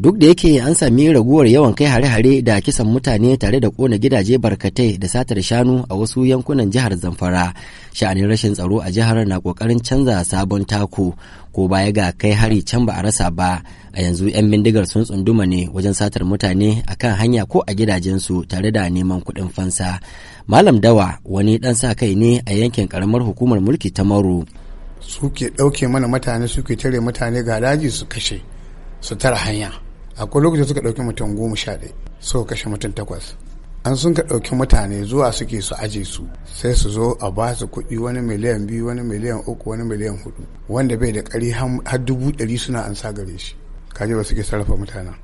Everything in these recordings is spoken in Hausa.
duk da yake an sami raguwar yawan kai hare-hare da kisan mutane tare da kona gidaje barkatai da satar shanu a wasu yankunan jihar zamfara sha'anin rashin tsaro a jihar na kokarin canza sabon taku ko baya ga kai hari can ba a rasa ba a yanzu 'yan bindigar sun tsunduma ne wajen satar mutane a kan hanya ko a gidajensu tare da neman kuɗin fansa malam dawa wani dan sa kai ne a yankin karamar hukumar mulki ta maru suke ɗauke mana mutane suke tare mutane ga daji su kashe su tara hanya akwai lokacin suka ɗauki mutum goma sha ɗaya suka kashe mutum takwas an sun ka ɗauki mutane zuwa suke su aje su sai su zo a ba su kuɗi wani miliyan biyu wani miliyan uku wani miliyan hudu wanda bai da ƙari har dubu ɗari suna an sa gare shi kaje ba suke sarrafa mutanen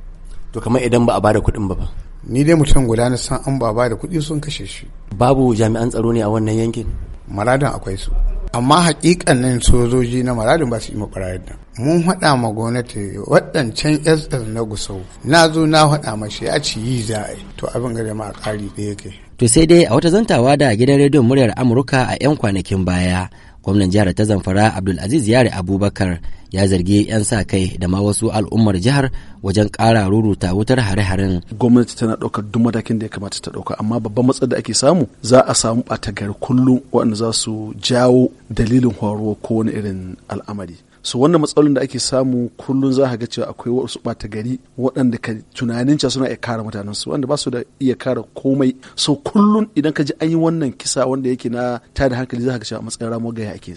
to kamar idan ba a ba da kuɗin ba ba ni dai mutum guda na san an ba ba da kuɗi sun kashe shi babu jami'an tsaro ne a wannan yankin maradin akwai su amma haƙiƙanin sojoji na maradin ba su yi maɓarayar nan mun haɗa ma gwamnati waɗancan ss na gusau na zo na haɗa mashi a ci yi za a yi to abin ma a ƙari da yake to sai dai a wata zantawa da gidan rediyon muryar amurka a 'yan kwanakin baya gwamnan jihar ta zamfara abdulaziz yare abubakar ya zargi 'yan sa kai da ma wasu al'ummar jihar wajen kara ruruta wutar hare-haren. Gwamnati tana ɗaukar duk matakin da ya kamata ta ɗauka amma babban matsalar da ake samu za a samu ɓata gari kullum waɗanda za su jawo dalilin horo ko wani irin al'amari. su wannan matsalolin da ake samu kullum za ga cewa akwai wasu ɓata gari waɗanda ka tunanin cewa suna iya kare mutanen su wanda ba su da iya kare komai so kullum idan ka ji an yi wannan kisa wanda yake na tada hankali za ka ga cewa matsayin ramuwar gaya ake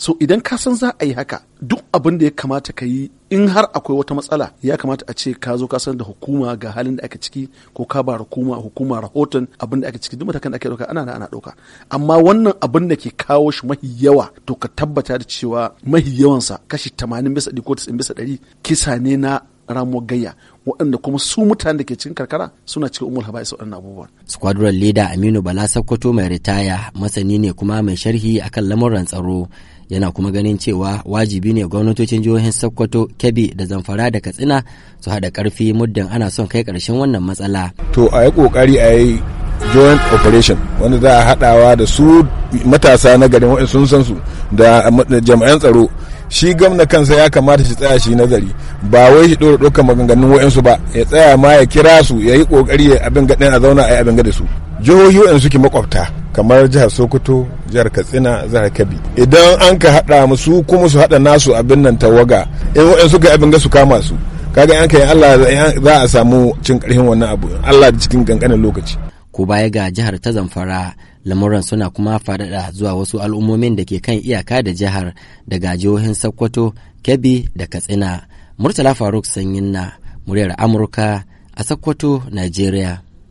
so idan ka san za a yi haka duk abin da ya kamata ka yi in har akwai wata matsala ya kamata a ce ka zo ka san da hukuma ga halin da aka ciki ko ka ba hukuma hukuma rahoton abin da aka ciki duk matakan da aka dauka ana ana dauka amma wannan abin da ke kawo shi mahi yawa to ka tabbata da cewa mahi yawansa kashi 80 bisa ko 90 bisa 100 kisa ne na ramuwar gayya waɗanda kuma su mutane da ke cikin karkara suna cikin umul haba'is waɗannan abubuwan. Squadron leader Aminu Bala Sakkwato mai ritaya masani ne kuma mai sharhi akan lamuran tsaro yana kuma ganin cewa wajibi ne gwamnatocin jihohin Sokoto, Kebbi da Zamfara da Katsina su haɗa ƙarfi muddin ana son kai ƙarshen wannan matsala. To a yi ƙoƙari a yi joint operation wanda za a haɗawa da su matasa na garin waɗanda sun san su da jami'an tsaro shi gwamna kansa ya kamata shi tsaya shi nazari ba wai shi dora dukkan maganganun wa'insu ba ya tsaya ma ya kira su ya yi kokari ya abin gaɗin a zauna a yi abin gada su jihohi wa'in suke makwabta kamar jihar sokoto jihar katsina jihar kabi idan an ka haɗa musu kuma su haɗa nasu abin nan tawaga in wa'in suka abin ga su kama su kaga an kai Allah za a samu cin ƙarfin wannan abu Allah da cikin kankanin lokaci ko baya ga jihar ta zamfara lamuran suna kuma faɗaɗa zuwa wasu al'ummomin da ke kan iyaka da jihar daga jihohin sokoto kebbi da katsina murtala faruk sanyin na muryar amurka a sokoto nigeria